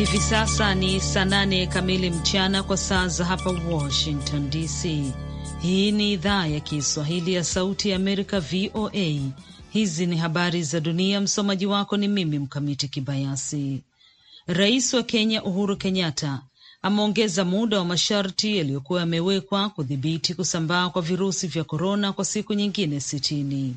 Hivi sasa ni saa nane kamili mchana kwa saa za hapa Washington DC. Hii ni idhaa ya Kiswahili ya Sauti ya Amerika, VOA. Hizi ni habari za dunia. Msomaji wako ni mimi Mkamiti Kibayasi. Rais wa Kenya Uhuru Kenyatta ameongeza muda wa masharti yaliyokuwa yamewekwa kudhibiti kusambaa kwa virusi vya korona kwa siku nyingine sitini.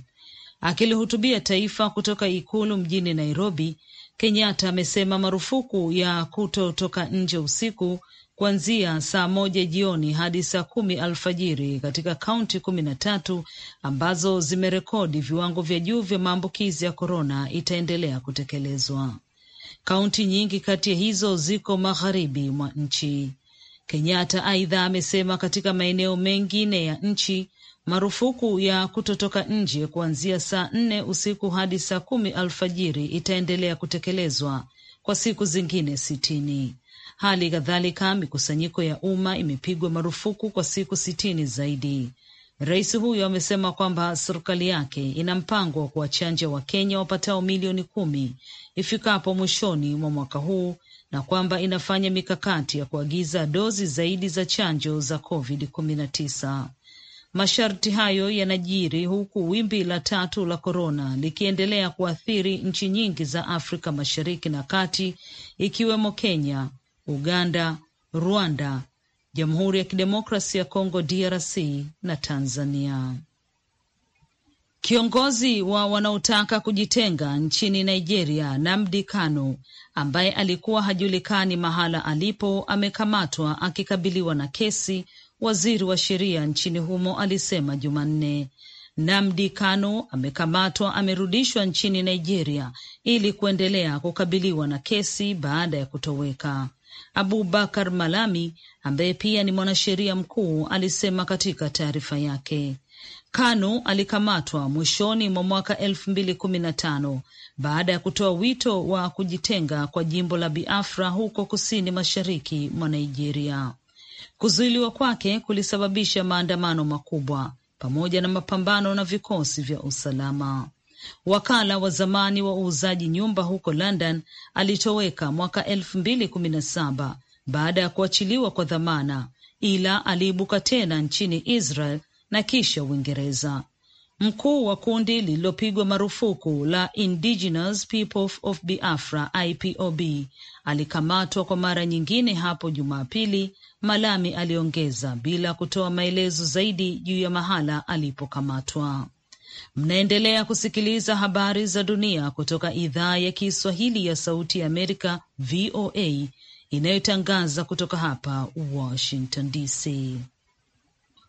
Akilihutubia taifa kutoka ikulu mjini Nairobi, Kenyatta amesema marufuku ya kutotoka nje usiku kuanzia saa moja jioni hadi saa kumi alfajiri katika kaunti kumi na tatu ambazo zimerekodi viwango vya juu vya maambukizi ya korona itaendelea kutekelezwa. Kaunti nyingi kati ya hizo ziko magharibi mwa nchi. Kenyatta aidha amesema katika maeneo mengine ya nchi Marufuku ya kutotoka nje kuanzia saa nne usiku hadi saa kumi alfajiri itaendelea kutekelezwa kwa siku zingine sitini. Hali kadhalika mikusanyiko ya umma imepigwa marufuku kwa siku sitini zaidi. Rais huyo amesema kwamba serikali yake ina mpango wa kuwachanja Wakenya wapatao milioni kumi ifikapo mwishoni mwa mwaka huu na kwamba inafanya mikakati ya kuagiza dozi zaidi za chanjo za COVID-19. Masharti hayo yanajiri huku wimbi la tatu la korona likiendelea kuathiri nchi nyingi za Afrika Mashariki na Kati, ikiwemo Kenya, Uganda, Rwanda, Jamhuri ya Kidemokrasi ya Kongo DRC na Tanzania. Kiongozi wa wanaotaka kujitenga nchini Nigeria, Namdi Kano, ambaye alikuwa hajulikani mahala alipo, amekamatwa akikabiliwa na kesi waziri wa sheria nchini humo alisema Jumanne. Namdi Kano amekamatwa, amerudishwa nchini Nigeria ili kuendelea kukabiliwa na kesi baada ya kutoweka. Abubakar Malami ambaye pia ni mwanasheria mkuu alisema katika taarifa yake. Kano alikamatwa mwishoni mwa mwaka elfu mbili kumi na tano baada ya kutoa wito wa kujitenga kwa jimbo la Biafra huko kusini mashariki mwa Nigeria. Kuzuiliwa kwake kulisababisha maandamano makubwa pamoja na mapambano na vikosi vya usalama. Wakala wa zamani wa uuzaji nyumba huko London alitoweka mwaka elfu mbili kumi na saba baada ya kuachiliwa kwa dhamana, ila aliibuka tena nchini Israel na kisha Uingereza. Mkuu wa kundi lililopigwa marufuku la Indigenous People of Biafra IPOB alikamatwa kwa mara nyingine hapo Jumapili, Malami aliongeza, bila kutoa maelezo zaidi juu ya mahala alipokamatwa. Mnaendelea kusikiliza habari za dunia kutoka idhaa ya Kiswahili ya Sauti ya Amerika, VOA, inayotangaza kutoka hapa Washington DC.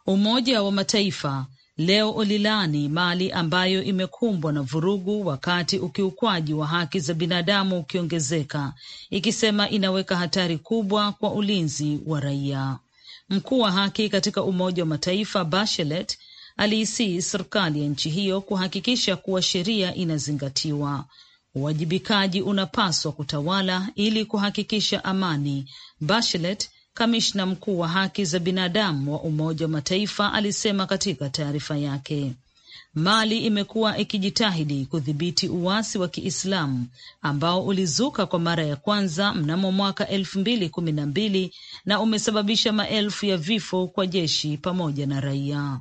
Umoja wa Mataifa leo ulilani Mali ambayo imekumbwa na vurugu wakati ukiukwaji wa haki za binadamu ukiongezeka, ikisema inaweka hatari kubwa kwa ulinzi wa raia. Mkuu wa haki katika Umoja wa Mataifa Bachelet aliisii serikali ya nchi hiyo kuhakikisha kuwa sheria inazingatiwa. Uwajibikaji unapaswa kutawala ili kuhakikisha amani, Bachelet kamishna mkuu wa haki za binadamu wa Umoja wa Mataifa alisema katika taarifa yake. Mali imekuwa ikijitahidi kudhibiti uasi wa Kiislamu ambao ulizuka kwa mara ya kwanza mnamo mwaka elfu mbili kumi na mbili na umesababisha maelfu ya vifo kwa jeshi pamoja na raia.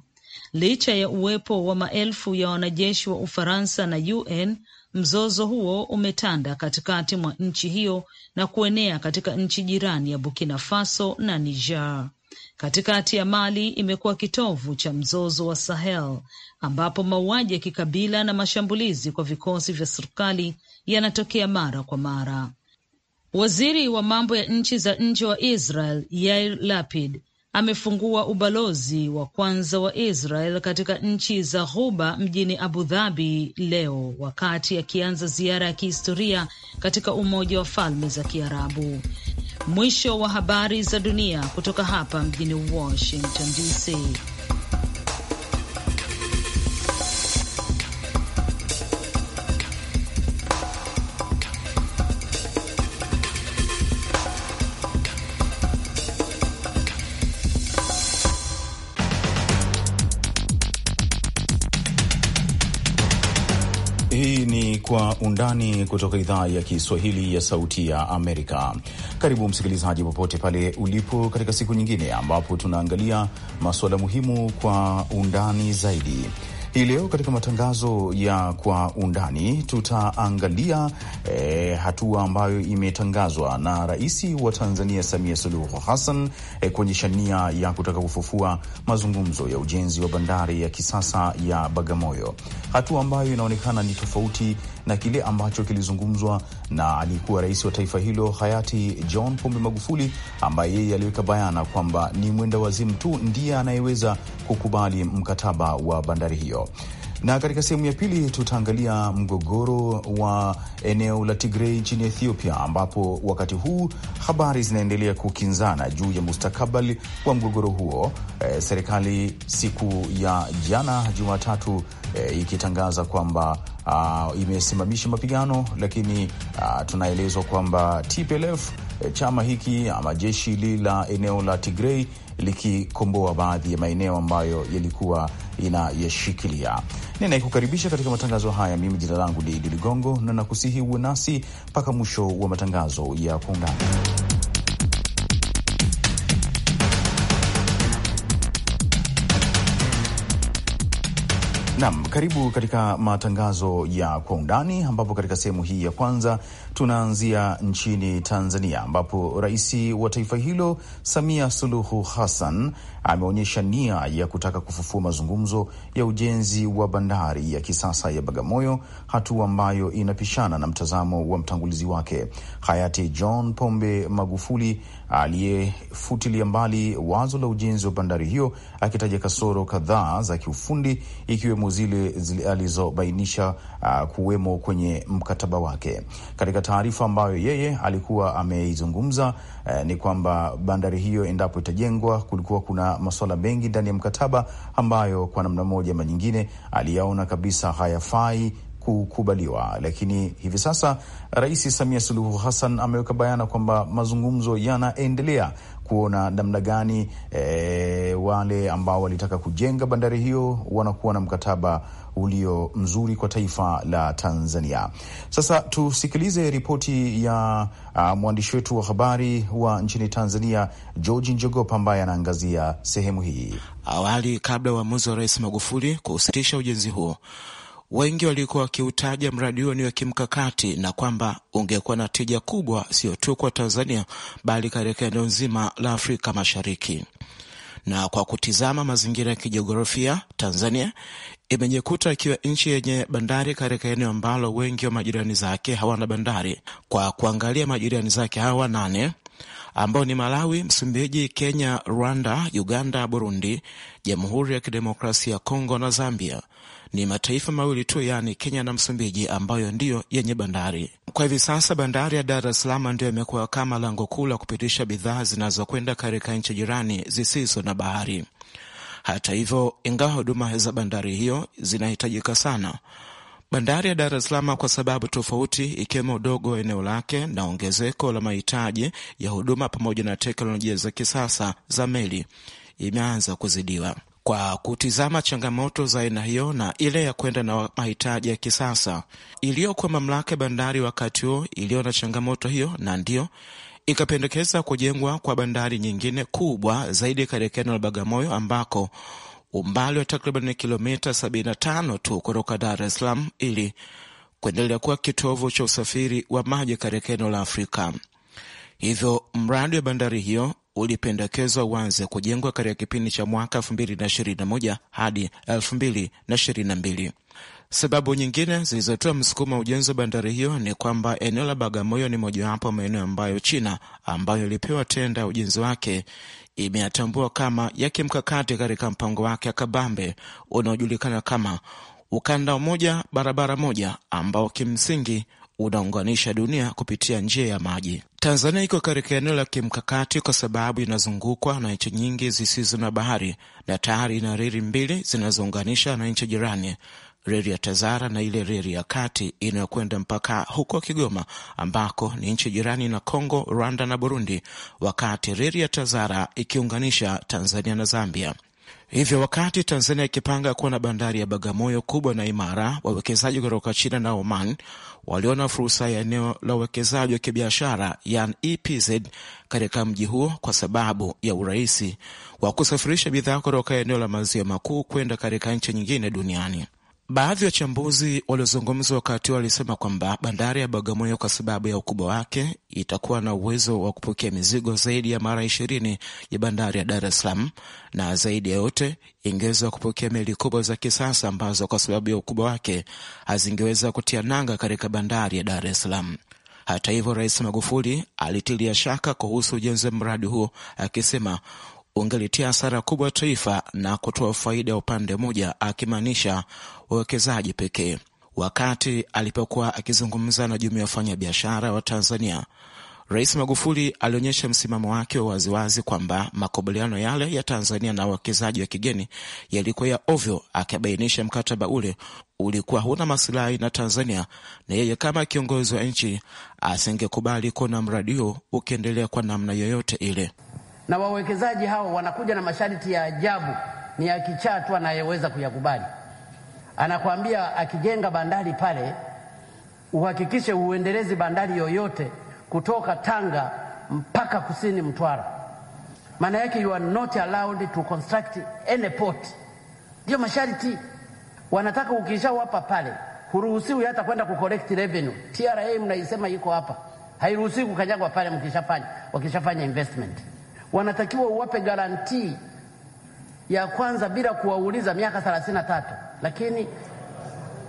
Licha ya uwepo wa maelfu ya wanajeshi wa Ufaransa na UN Mzozo huo umetanda katikati mwa nchi hiyo na kuenea katika nchi jirani ya Burkina Faso na Niger. Katikati ya Mali imekuwa kitovu cha mzozo wa Sahel ambapo mauaji ya kikabila na mashambulizi kwa vikosi vya serikali yanatokea mara kwa mara. Waziri wa mambo ya nchi za nje wa Israel Yair Lapid amefungua ubalozi wa kwanza wa Israel katika nchi za Ghuba mjini Abu Dhabi leo wakati akianza ziara ya kihistoria katika Umoja wa Falme za Kiarabu. Mwisho wa habari za dunia kutoka hapa mjini Washington DC. undani kutoka idhaa ya Kiswahili ya Sauti ya Amerika. Karibu msikilizaji, popote pale ulipo, katika siku nyingine ambapo tunaangalia masuala muhimu kwa undani zaidi. Hii leo katika matangazo ya kwa undani tutaangalia e, hatua ambayo imetangazwa na Rais wa Tanzania Samia Suluhu Hassan e, eh, kuonyesha nia ya kutaka kufufua mazungumzo ya ujenzi wa bandari ya kisasa ya Bagamoyo, hatua ambayo inaonekana ni tofauti na kile ambacho kilizungumzwa na aliyekuwa rais wa taifa hilo hayati John Pombe Magufuli, ambaye yeye aliweka bayana kwamba ni mwenda wazimu tu ndiye anayeweza kukubali mkataba wa bandari hiyo na katika sehemu ya pili tutaangalia mgogoro wa eneo la Tigrei nchini Ethiopia, ambapo wakati huu habari zinaendelea kukinzana juu ya mustakabali wa mgogoro huo. E, serikali siku ya jana Jumatatu e, ikitangaza kwamba Uh, imesimamisha mapigano lakini uh, tunaelezwa kwamba TPLF e, chama hiki ama jeshi la eneo la Tigrei likikomboa baadhi ya maeneo ambayo yalikuwa inayashikilia. naikukaribisha katika matangazo haya mimi jina langu ni Idi Ligongo, na nakusihi uwe nasi mpaka mwisho wa matangazo ya kuungana Nam, karibu katika matangazo ya kwa undani, ambapo katika sehemu hii ya kwanza tunaanzia nchini Tanzania, ambapo rais wa taifa hilo Samia Suluhu Hassan ameonyesha nia ya kutaka kufufua mazungumzo ya ujenzi wa bandari ya kisasa ya Bagamoyo, hatua ambayo inapishana na mtazamo wa mtangulizi wake hayati John Pombe Magufuli aliyefutilia mbali wazo la ujenzi wa bandari hiyo akitaja kasoro kadhaa za kiufundi ikiwemo zile, alizobainisha uh, kuwemo kwenye mkataba wake. Katika taarifa ambayo yeye alikuwa ameizungumza uh, ni kwamba bandari hiyo endapo itajengwa, kulikuwa kuna masuala mengi ndani ya mkataba ambayo kwa namna moja ama nyingine aliyaona kabisa hayafai kukubaliwa, lakini hivi sasa Rais Samia Suluhu Hassan ameweka bayana kwamba mazungumzo yanaendelea kuona namna gani e, wale ambao walitaka kujenga bandari hiyo wanakuwa na mkataba ulio mzuri kwa taifa la Tanzania. Sasa tusikilize ripoti ya uh, mwandishi wetu wa habari wa nchini Tanzania George Njogopa ambaye anaangazia sehemu hii. Awali kabla ya uamuzi wa Rais Magufuli kusitisha ujenzi huo Wengi walikuwa wakiutaja mradi huo ni wa kimkakati na kwamba ungekuwa na tija kubwa sio tu kwa Tanzania bali katika eneo nzima la Afrika Mashariki. Na kwa kutizama mazingira ya kijiografia, Tanzania imejikuta ikiwa nchi yenye bandari katika eneo ambalo wengi wa majirani zake hawana bandari. Kwa kuangalia majirani zake hawa nane ambao ni Malawi, Msumbiji, Kenya, Rwanda, Uganda, Burundi, Jamhuri ya Kidemokrasia ya Kongo na Zambia, ni mataifa mawili tu, yaani Kenya na Msumbiji, ambayo ndiyo yenye bandari. Kwa hivi sasa bandari ya Dar es Salaam ndiyo imekuwa kama lango kuu la kupitisha bidhaa zinazokwenda katika nchi jirani zisizo na bahari. Hata hivyo, ingawa huduma za bandari hiyo zinahitajika sana, bandari ya Dar es Salaam kwa sababu tofauti, ikiwemo udogo wa eneo lake na ongezeko la mahitaji ya huduma pamoja na teknolojia za kisasa za meli, imeanza kuzidiwa kwa kutizama changamoto za aina hiyo na ile ya kwenda na mahitaji ya kisasa iliyokuwa mamlaka ya bandari wakati huo iliyo na changamoto hiyo, na ndiyo ikapendekeza kujengwa kwa bandari nyingine kubwa zaidi katika eneo la Bagamoyo ambako umbali wa takriban kilomita 75 tu kutoka Dar es Salaam ili kuendelea kuwa kitovu cha usafiri wa maji katika eneo la Afrika. Hivyo mradi wa bandari hiyo ulipendekezwa uanze kujengwa katika kipindi cha mwaka 2021 hadi 2022. Sababu nyingine zilizotoa msukumo wa ujenzi wa bandari hiyo ni kwamba eneo la Bagamoyo ni mojawapo maeneo ambayo China ambayo ilipewa tenda ya ujenzi wake imeyatambua kama ya kimkakati katika mpango wake kabambe unaojulikana kama ukanda mmoja barabara moja, ambao kimsingi unaunganisha dunia kupitia njia ya maji. Tanzania iko katika eneo la kimkakati kwa sababu inazungukwa na nchi nyingi zisizo na bahari na tayari ina reli mbili zinazounganisha na nchi jirani, reli ya Tazara na ile reli ya kati inayokwenda mpaka huko Kigoma ambako ni nchi jirani na Kongo, Rwanda na Burundi, wakati reli ya Tazara ikiunganisha Tanzania na Zambia. Hivyo wakati Tanzania ikipanga kuwa na bandari ya Bagamoyo kubwa na imara, wawekezaji kutoka China na Oman waliona fursa ya eneo la uwekezaji wa kibiashara yani EPZ katika mji huo kwa sababu ya urahisi wa kusafirisha bidhaa kutoka eneo la maziwa makuu kwenda katika nchi nyingine duniani. Baadhi ya wachambuzi waliozungumza wakati huo walisema kwamba bandari ya Bagamoyo kwa sababu ya ukubwa wake itakuwa na uwezo wa kupokea mizigo zaidi ya mara ishirini ya bandari ya Dar es Salaam, na zaidi ya yote ingeweza kupokea meli kubwa za kisasa ambazo kwa sababu ya ukubwa wake hazingeweza kutia nanga katika bandari ya Dar es Salaam. Hata hivyo, Rais Magufuli alitilia shaka kuhusu ujenzi wa mradi huo akisema ungelitia hasara kubwa taifa na kutoa faida ya upande mmoja, akimaanisha wawekezaji pekee. Wakati alipokuwa akizungumza na jumuiya ya wafanyabiashara wa Tanzania, Rais Magufuli alionyesha msimamo wake wa waziwazi kwamba makubaliano yale ya Tanzania na wawekezaji wa kigeni yalikuwa ya ovyo, akibainisha mkataba ule ulikuwa huna masilahi na Tanzania, na yeye kama kiongozi wa nchi asingekubali kuona mradi huo ukiendelea kwa namna yoyote ile. Na wawekezaji hao wanakuja na masharti ya ajabu, ni yakichaa tu anayeweza kuyakubali anakwambia akijenga bandari pale uhakikishe uendelezi bandari yoyote kutoka Tanga mpaka kusini Mtwara. Maana yake you are not allowed to construct any port. Ndio masharti wanataka, ukishawapa pale huruhusiwi hata kwenda collect revenue. TRA mnaisema iko hapa, hairuhusiwi kukanyagwa pale mkishafanya wakishafanya investment. Wanatakiwa uwape guarantee ya kwanza bila kuwauliza miaka thelathini na tatu, lakini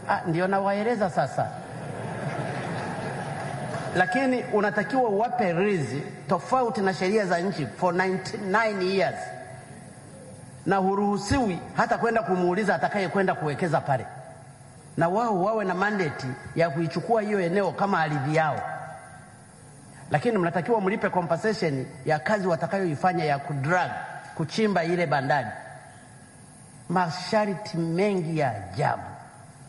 ah, ndio nawaeleza sasa. Lakini unatakiwa uwape rizi tofauti na sheria za nchi for 99 years, na huruhusiwi hata kwenda kumuuliza atakaye kwenda kuwekeza pale, na wao wawe na mandate ya kuichukua hiyo eneo kama ardhi yao lakini mnatakiwa mlipe compensation ya kazi watakayoifanya ya kudrag kuchimba ile bandari masharti mengi ya ajabu.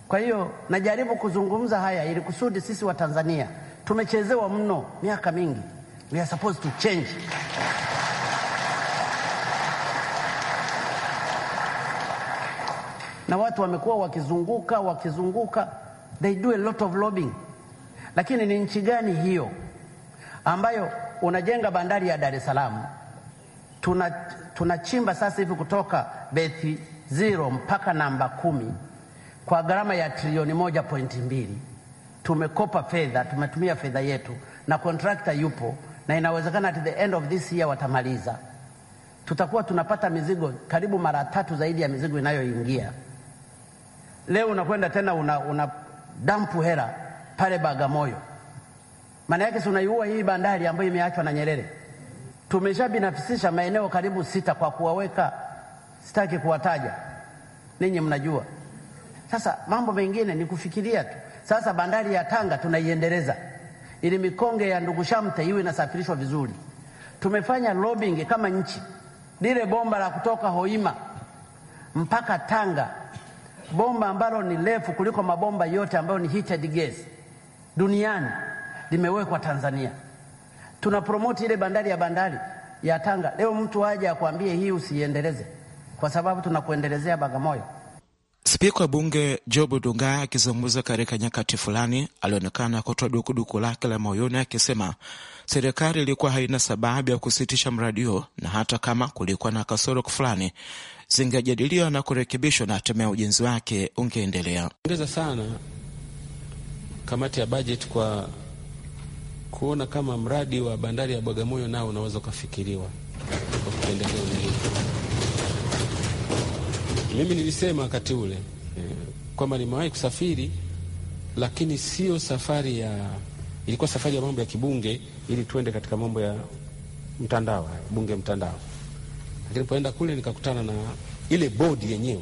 Kwa hiyo najaribu kuzungumza haya ili kusudi sisi Watanzania tumechezewa mno miaka mingi. We are supposed to change. Na watu wamekuwa wakizunguka wakizunguka, they do a lot of lobbying. Lakini ni nchi gani hiyo ambayo unajenga bandari ya Dar es Salaam, tunachimba tuna sasa hivi kutoka Bethi zero mpaka namba kumi kwa gharama ya trilioni moja pointi mbili. Tumekopa fedha, tumetumia fedha yetu na kontrakta yupo na inawezekana at the end of this year watamaliza. Tutakuwa tunapata mizigo karibu mara tatu zaidi ya mizigo inayoingia. Leo unakwenda tena una, una dampu hela pale Bagamoyo, maana yake si unaiua hii bandari ambayo imeachwa na Nyerere. Tumeshabinafsisha maeneo karibu sita kwa kuwaweka sitaki kuwataja, ninyi mnajua. Sasa mambo mengine ni kufikiria tu. Sasa bandari ya Tanga tunaiendeleza ili mikonge ya ndugu Shamte iwe inasafirishwa vizuri. Tumefanya lobbying kama nchi, lile bomba la kutoka Hoima mpaka Tanga, bomba ambalo ni refu kuliko mabomba yote ambayo ni heated gas duniani, limewekwa Tanzania. Tuna promote ile bandari ya bandari ya Tanga. Leo mtu aje akwambie hii usiiendeleze kwa sababu tunakuendelezea Bagamoyo. Spika wa bunge Job Ndugai akizungumza katika nyakati fulani, alionekana kutoa dukuduku lake la moyoni akisema serikali ilikuwa haina sababu ya kusitisha mradi huo, na hata kama kulikuwa na kasoro fulani zingejadiliwa na kurekebishwa na hatimaye ujenzi wake ungeendelea. Ongeza sana kamati ya bajeti kwa kuona kama mradi wa bandari ya Bagamoyo nao unaweza ukafikiriwa kwa kupendekeza mimi nilisema wakati ule eh, kwamba nimewahi kusafiri, lakini sio safari ya, ilikuwa safari ya mambo ya kibunge, ili tuende katika mambo ya mtandao, bunge mtandao. Lakini poenda kule nikakutana na ile bodi yenyewe,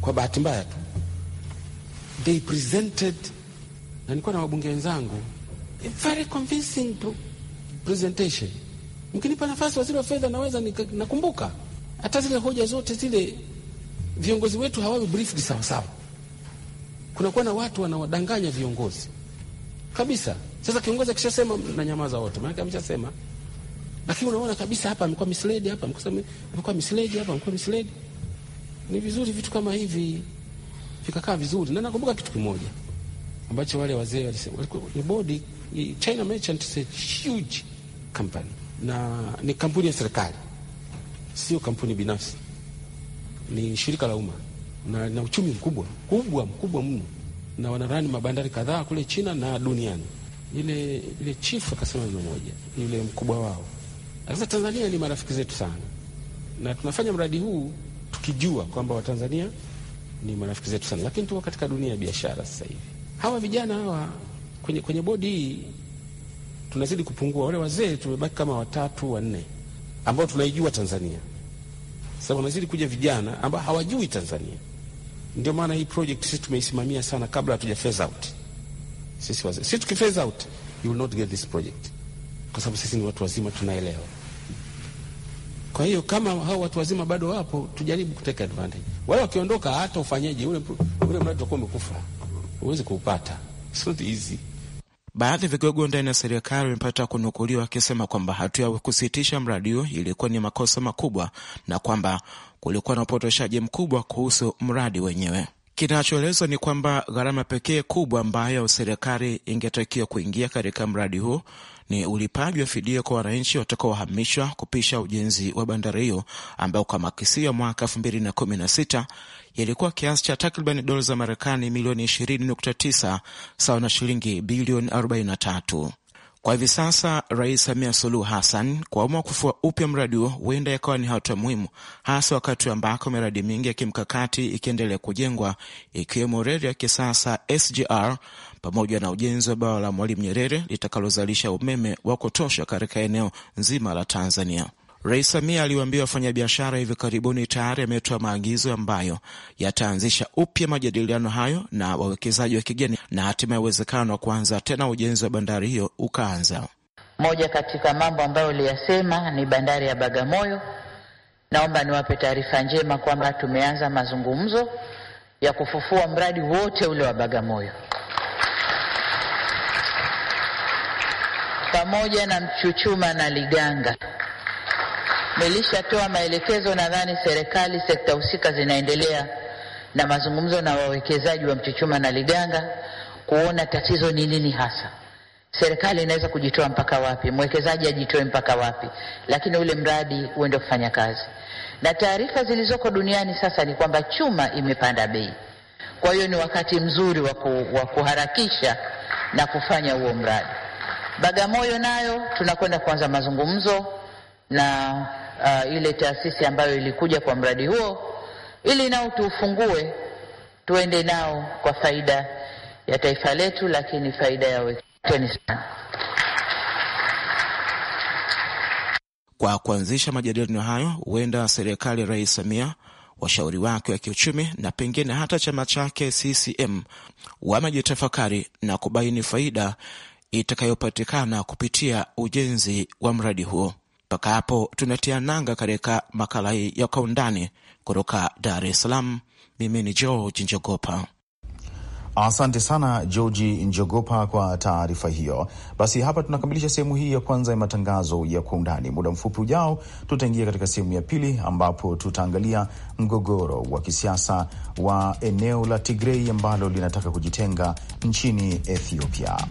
kwa bahati mbaya tu they presented, na nilikuwa na wabunge wenzangu, a very convincing presentation. Mkinipa nafasi, waziri wa fedha, naweza nakumbuka hata zile hoja zote zile viongozi wetu hawawe briefed sawasawa. Kunakuwa na watu wanawadanganya viongozi kabisa. Sasa kiongozi akishasema mnanyamaza wote, maanake ameshasema, lakini unaona kabisa hapa amekuwa misled, hapa amekuwa misled, hapa amekuwa misled. Ni vizuri vitu kama hivi vikakaa vizuri, na nakumbuka kitu kimoja ambacho wale wazee walisema, ni bodi China Merchant is a huge company, na ni kampuni ya serikali, sio kampuni binafsi ni shirika la umma na na uchumi mkubwa kubwa mkubwa mno, na wanarani mabandari kadhaa kule China na duniani. Ile ile chief akasema neno moja, yule mkubwa wao akasema, Tanzania ni marafiki zetu sana, na tunafanya mradi huu tukijua kwamba Watanzania ni marafiki zetu sana, lakini tuko katika dunia ya biashara sasa hivi. Hawa vijana hawa kwenye, kwenye bodi hii tunazidi kupungua, wale wazee tumebaki kama watatu wanne ambao tunaijua Tanzania sababu wanazidi kuja vijana ambao hawajui Tanzania. Ndio maana hii project sisi tumeisimamia sana kabla hatuja phase out. Sisi wazee. Sisi tuki phase out, you will not get this project. Kwa sababu sisi ni watu wazima tunaelewa. Kwa hiyo kama hao watu wazima bado wapo, tujaribu kuteka advantage. Wale wakiondoka hata ufanyaje ule ule mradi utakuwa umekufa. uweze kuupata. It's not easy. Baadhi ya vigogo ndani ya serikali wamepata kunukuliwa wakisema kwamba hatua ya kusitisha mradi huo ilikuwa ni makosa makubwa na kwamba kulikuwa na upotoshaji mkubwa kuhusu mradi wenyewe. Kinachoelezwa ni kwamba gharama pekee kubwa ambayo serikali ingetakiwa kuingia katika mradi huo ni ulipaji wa fidia kwa wananchi watakaohamishwa kupisha ujenzi wa bandari hiyo ambao kwa makisio ya mwaka sita yalikuwa kiasi cha takriban dola za Marekani milioni ishirini tisa sawa na shilingi bilioni tatu. Kwa hivi sasa Rais Samia Suluhu Hassan kuamua kufua upya mradi huo huenda yakawa ni hatua muhimu, hasa wakati ambako miradi mingi ya kimkakati ikiendelea kujengwa ikiwemo reli ya kisasa SGR pamoja na ujenzi wa bawa la Mwalimu Nyerere litakalozalisha umeme wa kutosha katika eneo nzima la Tanzania. Rais Samia aliwaambia wafanyabiashara hivi karibuni tayari ametoa maagizo ambayo yataanzisha upya majadiliano hayo na wawekezaji wa kigeni na hatimaye uwezekano wa kuanza tena ujenzi wa bandari hiyo ukaanza. Moja katika mambo ambayo uliyasema ni bandari ya Bagamoyo. Naomba niwape taarifa njema kwamba tumeanza mazungumzo ya kufufua mradi wote ule wa Bagamoyo pamoja na Mchuchuma na Liganga nilishatoa maelekezo, nadhani serikali, sekta husika zinaendelea na mazungumzo na wawekezaji wa Mchuchuma na Liganga kuona tatizo ni nini hasa. Serikali inaweza kujitoa mpaka wapi, mwekezaji ajitoe mpaka wapi, lakini ule mradi uende kufanya kazi. Na taarifa zilizoko duniani sasa ni kwamba chuma imepanda bei, kwa hiyo ni wakati mzuri wa kuharakisha na kufanya huo mradi. Bagamoyo nayo tunakwenda kuanza mazungumzo na uh, ile taasisi ambayo ilikuja kwa mradi huo ili nao tuufungue tuende nao kwa faida ya taifa letu, lakini faida ya wekeni sana kwa kuanzisha majadiliano hayo. Huenda serikali ya Rais Samia, washauri wake wa kiuchumi na pengine hata chama chake CCM wamejitafakari na kubaini faida itakayopatikana kupitia ujenzi wa mradi huo. Mpaka hapo tunatia nanga katika makala hii ya Kwa Undani kutoka Dar es Salaam. Mimi ni George Njogopa. Asante sana Georgi Njogopa kwa taarifa hiyo. Basi hapa tunakamilisha sehemu hii ya kwanza ya matangazo ya kwa undani. Muda mfupi ujao, tutaingia katika sehemu ya pili ambapo tutaangalia mgogoro wa kisiasa wa eneo la Tigrei ambalo linataka kujitenga nchini Ethiopia.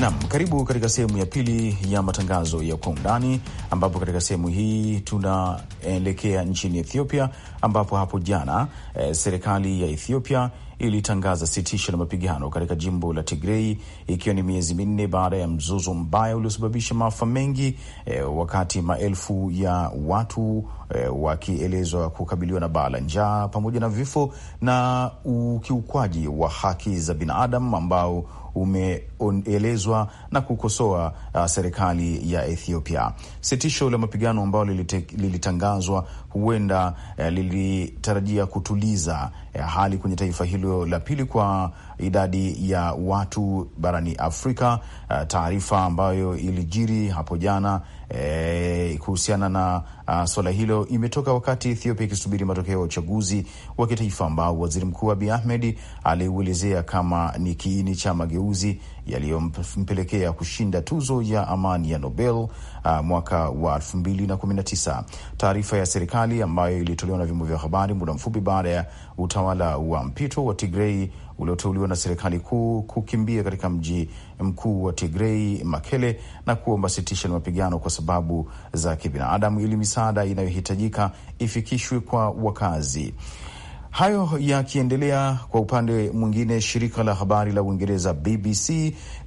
Nam, karibu katika sehemu ya pili ya matangazo ya kwa undani, ambapo katika sehemu hii tunaelekea nchini Ethiopia, ambapo hapo jana e, serikali ya Ethiopia ilitangaza sitisho la mapigano katika jimbo la Tigrei ikiwa ni miezi minne baada ya mzozo mbaya uliosababisha maafa mengi e, wakati maelfu ya watu e, wakielezwa kukabiliwa na baa la njaa pamoja na vifo na ukiukwaji wa haki za binadamu ambao umeelezwa na kukosoa uh, serikali ya Ethiopia. Sitisho la mapigano ambalo lilitangazwa huenda uh, lilitarajia kutuliza uh, hali kwenye taifa hilo la pili kwa idadi ya watu barani Afrika. Uh, taarifa ambayo ilijiri hapo jana e, kuhusiana na uh, ah, suala hilo imetoka wakati Ethiopia ikisubiri matokeo ya uchaguzi wa kitaifa ambao waziri mkuu Abiy Ahmed aliuelezea kama ni kiini cha mageuzi yaliyompelekea kushinda tuzo ya amani ya Nobel uh, mwaka wa 2019. Taarifa ya serikali ambayo ilitolewa na vyombo vya habari muda mfupi baada ya utawala wa mpito wa Tigrei ulioteuliwa na serikali kuu kukimbia katika mji mkuu wa Tigrei, Makele, na kuomba sitisho la mapigano kwa sababu za kibinadamu, ili misaada inayohitajika ifikishwe kwa wakazi. Hayo yakiendelea, kwa upande mwingine, shirika la habari la Uingereza BBC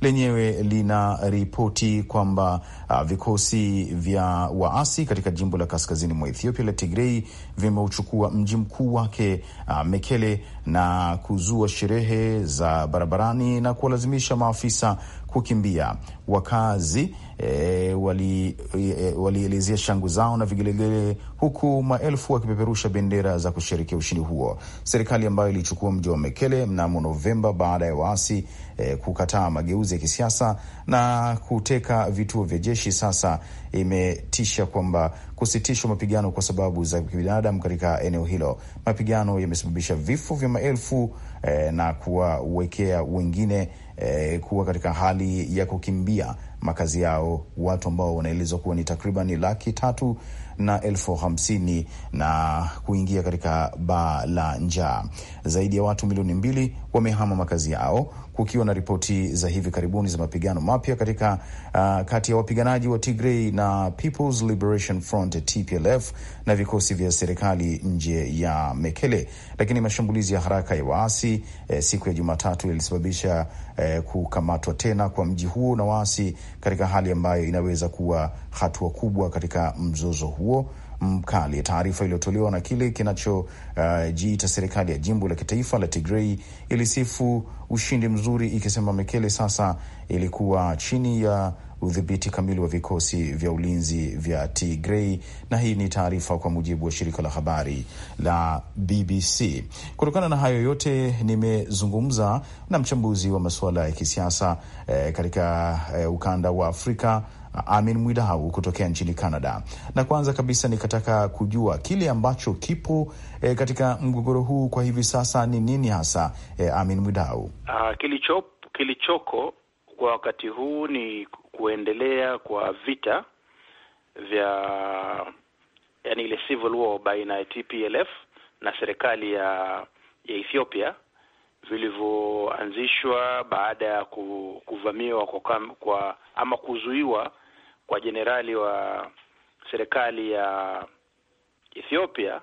lenyewe lina ripoti kwamba uh, vikosi vya waasi katika jimbo la kaskazini mwa Ethiopia la Tigrei vimeuchukua mji mkuu wake uh, Mekele na kuzua sherehe za barabarani na kuwalazimisha maafisa kukimbia. Wakazi e, e walielezea wali shangu zao na vigelegele, huku maelfu wakipeperusha bendera za kusherekea ushindi huo. Serikali ambayo ilichukua mji wa Mekele mnamo Novemba baada ya waasi e, kukataa mageuzi ya kisiasa na kuteka vituo vya jeshi, sasa imetisha kwamba kusitishwa mapigano kwa sababu za kibinadamu katika eneo hilo. Mapigano yamesababisha vifo vya maelfu eh, na kuwawekea wengine eh, kuwa katika hali ya kukimbia makazi yao, watu ambao wanaelezwa kuwa ni takriban laki tatu na elfu hamsini na kuingia katika baa la njaa. Zaidi ya watu milioni mbili wamehama makazi yao kukiwa na ripoti za hivi karibuni za mapigano mapya katika uh, kati ya wapiganaji wa Tigray na People's Liberation Front TPLF na vikosi vya serikali nje ya Mekele. Lakini mashambulizi ya haraka ya waasi eh, siku ya Jumatatu yalisababisha eh, kukamatwa tena kwa mji huo na waasi katika hali ambayo inaweza kuwa hatua kubwa katika mzozo huo mkali. Taarifa iliyotolewa na kile kinachojiita uh, serikali ya jimbo la kitaifa la Tigrei ilisifu ushindi mzuri ikisema Mekele sasa ilikuwa chini ya udhibiti kamili wa vikosi vya ulinzi vya Tigrei, na hii ni taarifa kwa mujibu wa shirika la habari la BBC. Kutokana na hayo yote, nimezungumza na mchambuzi wa masuala ya kisiasa eh, katika eh, ukanda wa Afrika Amin Mwidau kutokea nchini Canada. Na kwanza kabisa nikataka kujua kile ambacho kipo e, katika mgogoro huu kwa hivi sasa ni nini hasa e, Amin Mwidau? Uh, ah, kilicho, kilichoko kwa wakati huu ni kuendelea kwa vita vya yani ile civil war baina ya TPLF na serikali ya, ya Ethiopia vilivyoanzishwa baada ya kuvamiwa kwa, kwa ama kuzuiwa kwa jenerali wa serikali ya Ethiopia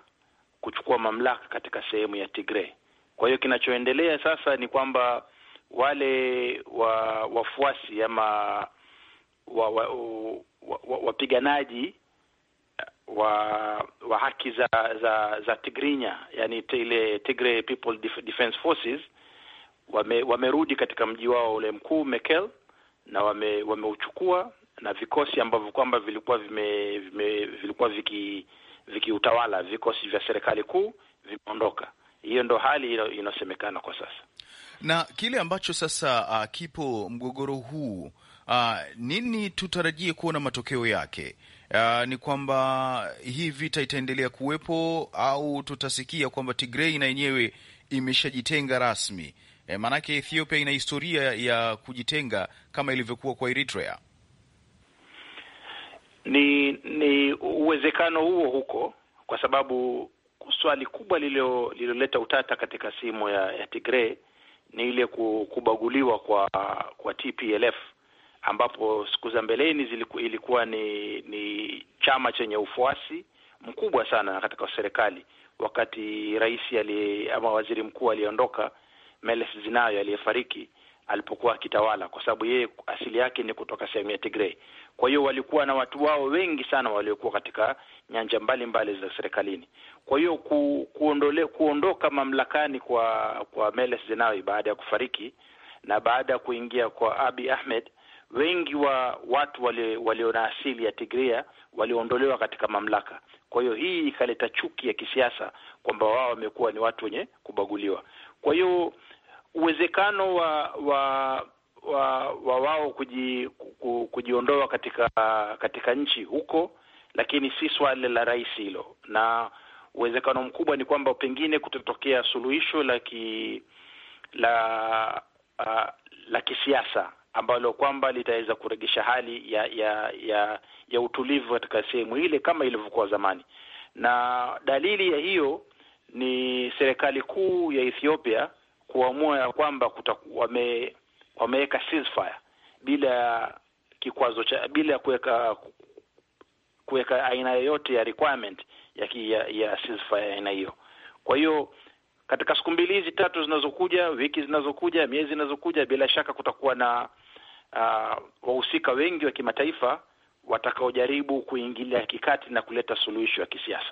kuchukua mamlaka katika sehemu ya Tigray. Kwa hiyo kinachoendelea sasa ni kwamba wale wa wafuasi ama wapiganaji wa, wa, wa, eh, wa, wa haki za za, za Tigrinya, yani ile Tigray People Defense Forces wame, wamerudi katika mji wao ule mkuu Mekelle na wameuchukua wame na vikosi ambavyo kwamba vilikuwa vime, vime vilikuwa viki vikiutawala vikosi vya serikali kuu vimeondoka. Hiyo ndo hali inayosemekana kwa sasa, na kile ambacho sasa uh, kipo mgogoro huu uh, nini tutarajie kuona matokeo yake? Uh, ni kwamba hii vita itaendelea kuwepo au tutasikia kwamba Tigray na yenyewe imeshajitenga rasmi? E, maanake Ethiopia ina historia ya kujitenga kama ilivyokuwa kwa Eritrea ni ni uwezekano huo huko, kwa sababu swali kubwa lililoleta utata katika simu ya, ya Tigray ni ile kubaguliwa kwa kwa TPLF ambapo siku za mbeleni ziliku, ilikuwa ni ni chama chenye ufuasi mkubwa sana katika serikali. Wakati rais ali- ama waziri mkuu aliyeondoka Meles Zenawi aliyefariki alipokuwa akitawala, kwa sababu yeye asili yake ni kutoka sehemu ya Tigray. Kwa hiyo walikuwa na watu wao wengi sana waliokuwa katika nyanja mbalimbali mbali za serikalini. Kwa hiyo ku, kuondole, kuondoka mamlakani kwa kwa Meles Zenawi baada ya kufariki na baada ya kuingia kwa abi Ahmed, wengi wa watu walio wali na asili ya Tigria waliondolewa katika mamlaka. Kwa hiyo hii ikaleta chuki ya kisiasa kwamba wao wamekuwa ni watu wenye kubaguliwa. Kwa hiyo uwezekano wa wa wa, wa wao kuji, ku, kujiondoa katika katika nchi huko, lakini si swala la rais hilo, na uwezekano mkubwa ni kwamba pengine kutatokea suluhisho la ki, la uh, la kisiasa ambalo kwamba litaweza kuregesha hali ya ya ya, ya utulivu katika sehemu ile kama ilivyokuwa zamani, na dalili ya hiyo ni serikali kuu ya Ethiopia kuamua ya kwamba wame, wameweka ceasefire bila kikwazo cha bila kuweka kuweka aina yoyote ya requirement ya ki, ya, ya ceasefire aina hiyo. Kwa hiyo katika siku mbili hizi tatu zinazokuja, wiki zinazokuja, miezi zinazokuja, bila shaka kutakuwa na uh, wahusika wengi wa kimataifa watakaojaribu kuingilia kikati na kuleta suluhisho ya kisiasa.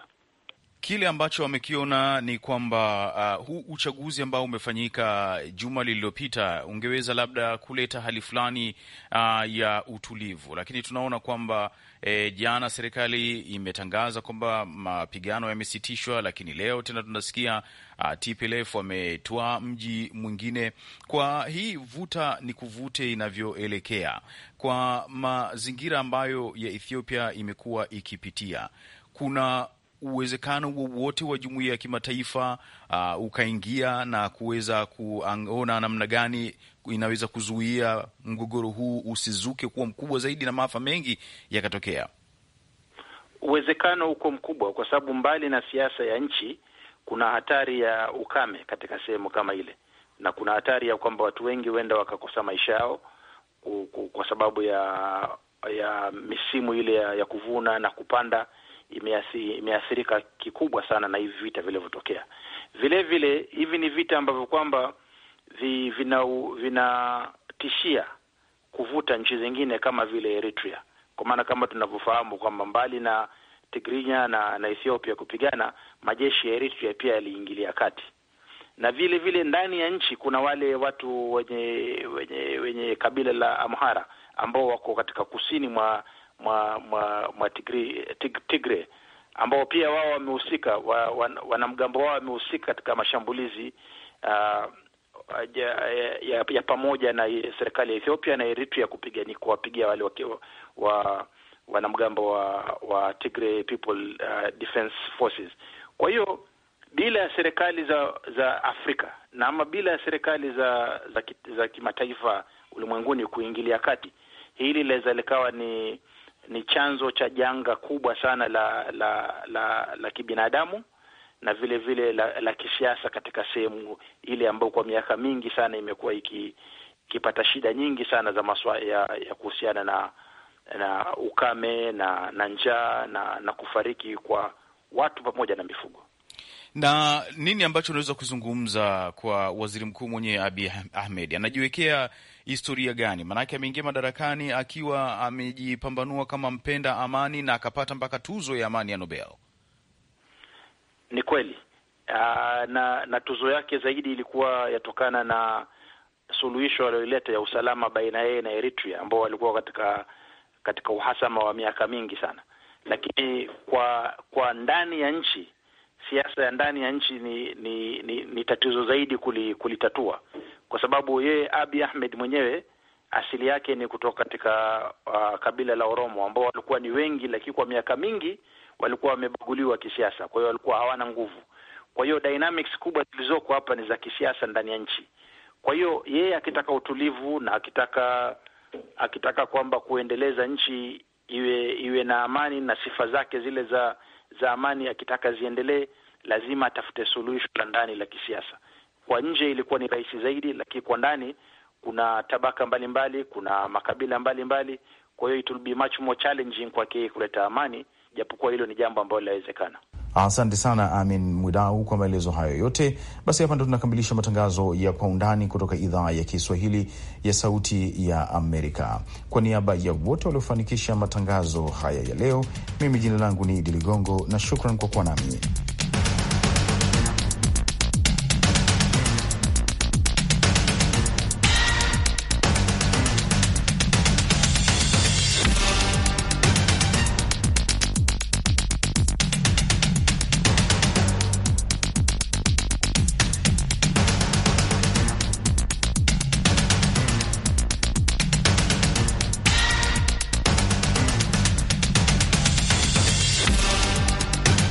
Kile ambacho wamekiona ni kwamba uh, huu uchaguzi ambao umefanyika juma lililopita ungeweza labda kuleta hali fulani uh, ya utulivu, lakini tunaona kwamba eh, jana serikali imetangaza kwamba mapigano yamesitishwa, lakini leo tena tunasikia uh, TPLF wametoa mji mwingine. Kwa hii vuta ni kuvute inavyoelekea kwa mazingira ambayo ya Ethiopia imekuwa ikipitia, kuna uwezekano wowote wa jumuiya ya kimataifa uh, ukaingia na kuweza kuona namna gani inaweza kuzuia mgogoro huu usizuke kuwa mkubwa zaidi na maafa mengi yakatokea? Uwezekano uko mkubwa, kwa sababu mbali na siasa ya nchi, kuna hatari ya ukame katika sehemu kama ile, na kuna hatari ya kwamba watu wengi huenda wakakosa maisha yao kwa sababu ya ya misimu ile ya, ya kuvuna na kupanda imeathirika kikubwa sana na hivi vita vilivyotokea. Vile vile hivi ni vita ambavyo kwamba vinatishia vina kuvuta nchi zingine kama vile Eritrea, kwa maana kama tunavyofahamu kwamba mbali na Tigrinya na, na Ethiopia kupigana, majeshi ya Eritrea pia yaliingilia kati, na vile vile ndani ya nchi kuna wale watu wenye wenye wenye kabila la Amhara ambao wako katika kusini mwa mwa mwa, mwa Tigray, Tig, ambao pia wao wamehusika wanamgambo wa, wao wamehusika katika mashambulizi uh, ya, ya, ya pamoja na serikali ya Ethiopia na Eritrea kupigani kuwapigia wale wa, wa wanamgambo wa wa Tigray People uh, Defense Forces. Kwa hiyo bila ya serikali za za Afrika na ama bila ya serikali za za, za kimataifa ulimwenguni kuingilia kati, hili laweza likawa ni ni chanzo cha janga kubwa sana la la la, la kibinadamu na vile vile la, la kisiasa katika sehemu ile ambayo kwa miaka mingi sana imekuwa iki ikipata shida nyingi sana za maswa ya, ya kuhusiana na na ukame na na njaa na na kufariki kwa watu pamoja na mifugo. Na nini ambacho unaweza kuzungumza kwa waziri mkuu mwenyewe Abiy Ahmed, anajiwekea historia gani? Maanake ameingia madarakani akiwa amejipambanua kama mpenda amani na akapata mpaka tuzo ya amani ya Nobel. Ni kweli aa, ah, na, na tuzo yake zaidi ilikuwa yatokana na suluhisho aliyoleta ya usalama baina yeye na Eritrea ambao walikuwa katika katika uhasama wa miaka mingi sana, lakini kwa kwa ndani ya nchi, siasa ya ndani ya nchi ni ni, ni, ni tatizo zaidi kulitatua, kwa sababu yeye abi Ahmed mwenyewe asili yake ni kutoka katika uh, kabila la Oromo ambao walikuwa ni wengi, lakini kwa miaka mingi walikuwa wamebaguliwa kisiasa, kwa hiyo walikuwa hawana nguvu. Kwa hiyo dynamics kubwa zilizoko hapa ni za kisiasa ndani ya nchi. Kwa hiyo yeye akitaka utulivu na akitaka akitaka kwamba kuendeleza nchi iwe iwe na amani na sifa zake zile za za amani akitaka ziendelee, lazima atafute suluhisho la ndani la kisiasa. Kwa nje ilikuwa ni rahisi zaidi, lakini kwa ndani kuna tabaka mbalimbali mbali, kuna makabila mbalimbali mbali. Kwa hiyo it will be much more challenging kwake kuleta amani, japokuwa hilo ni jambo ambalo linawezekana. Asante sana Amin Mwidau kwa maelezo hayo yote. Basi hapa ndo tunakamilisha matangazo ya Kwa Undani kutoka idhaa ya Kiswahili ya Sauti ya Amerika. Kwa niaba ya wote waliofanikisha matangazo haya ya leo, mimi jina langu ni Idi Ligongo na shukran kwa kuwa nami.